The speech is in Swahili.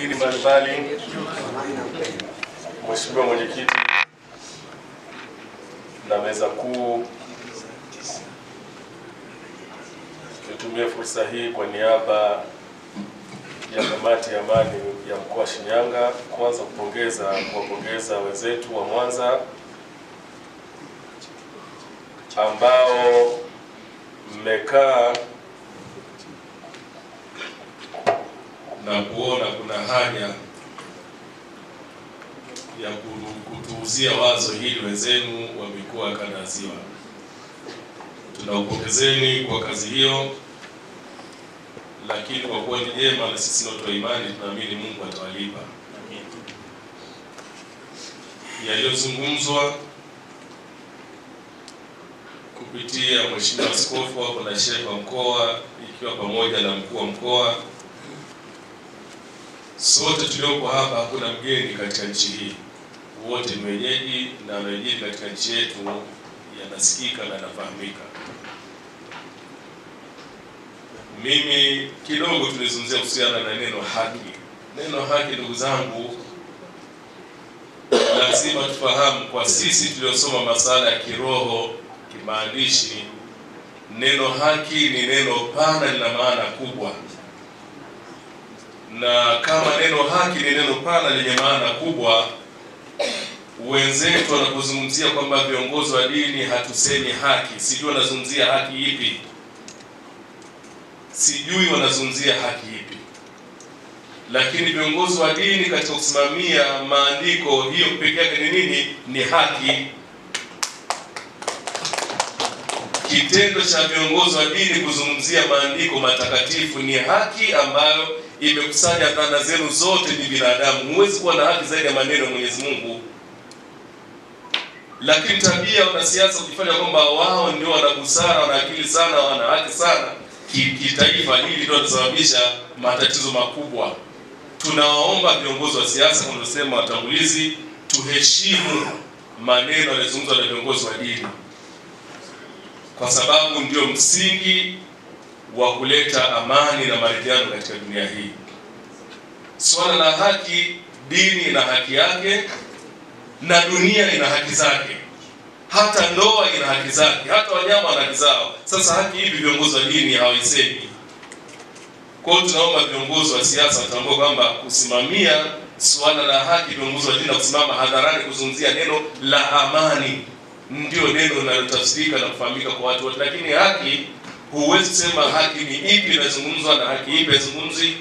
dini mbalimbali, Mheshimiwa Mwenyekiti na meza kuu, nitumie fursa hii kwa niaba ya kamati ya amani ya mkoa wa Shinyanga kwanza kupongeza kuwapongeza wenzetu wa Mwanza ambao mmekaa na kuona kuna haja ya kutuuzia wazo hili wenzenu wa mikoa ya kanda ya Ziwa. Tunakupongezeni kwa kazi hiyo, lakini kwa kuwa ni jema na sisi watu wa imani tunaamini Mungu atawalipa. Yaliyozungumzwa kupitia Mheshimiwa Askofu hapo na Shehe wa mkoa ikiwa pamoja na mkuu wa mkoa Sote tuliopo hapa hakuna mgeni katika nchi hii, wote ni wenyeji na wenyeji katika nchi yetu yanasikika na yanafahamika. Mimi kidogo tulizungumzia kuhusiana na neno haki. Neno haki, ndugu zangu, lazima tufahamu, kwa sisi tuliosoma masuala ya kiroho kimaandishi, neno haki ni neno pana, lina maana kubwa na kama neno haki ni neno pana lenye maana kubwa, wenzetu wanapozungumzia kwamba viongozi wa dini hatusemi haki, sijui wanazungumzia haki ipi, sijui wanazungumzia haki ipi. Lakini viongozi wa dini katika kusimamia maandiko, hiyo pekee yake ni nini? Ni haki. Kitendo cha viongozi wa dini kuzungumzia maandiko matakatifu ni haki ambayo imekusanya dhana zenu zote, ni binadamu, huwezi kuwa na haki zaidi ya maneno ya Mwenyezi Mungu. Lakini tabia wanasiasa kujifanya kwamba wao ndio wana busara, wana akili sana, wana haki sana kitaifa, hili ndio linasababisha matatizo makubwa. Tunawaomba viongozi wa siasa, kama tunasema watangulizi, tuheshimu maneno yanayozungumzwa na viongozi wa dini, kwa sababu ndio msingi wa kuleta amani na maridhiano katika dunia hii. Swala la haki, dini ina haki yake na dunia ina haki zake, hata ndoa ina haki zake, hata wanyama wana haki zao. Sasa haki hivi viongozi wa dini hawaisemi. Kwa hiyo tunaomba viongozi wa siasa watambue kwamba kusimamia swala la haki, viongozi wa dini na kusimama hadharani kuzungumzia neno la amani ndio neno linalotafsirika na kufahamika kwa watu wote, lakini haki huwezi sema haki ni ipi inazungumzwa na haki ipi inazungumzi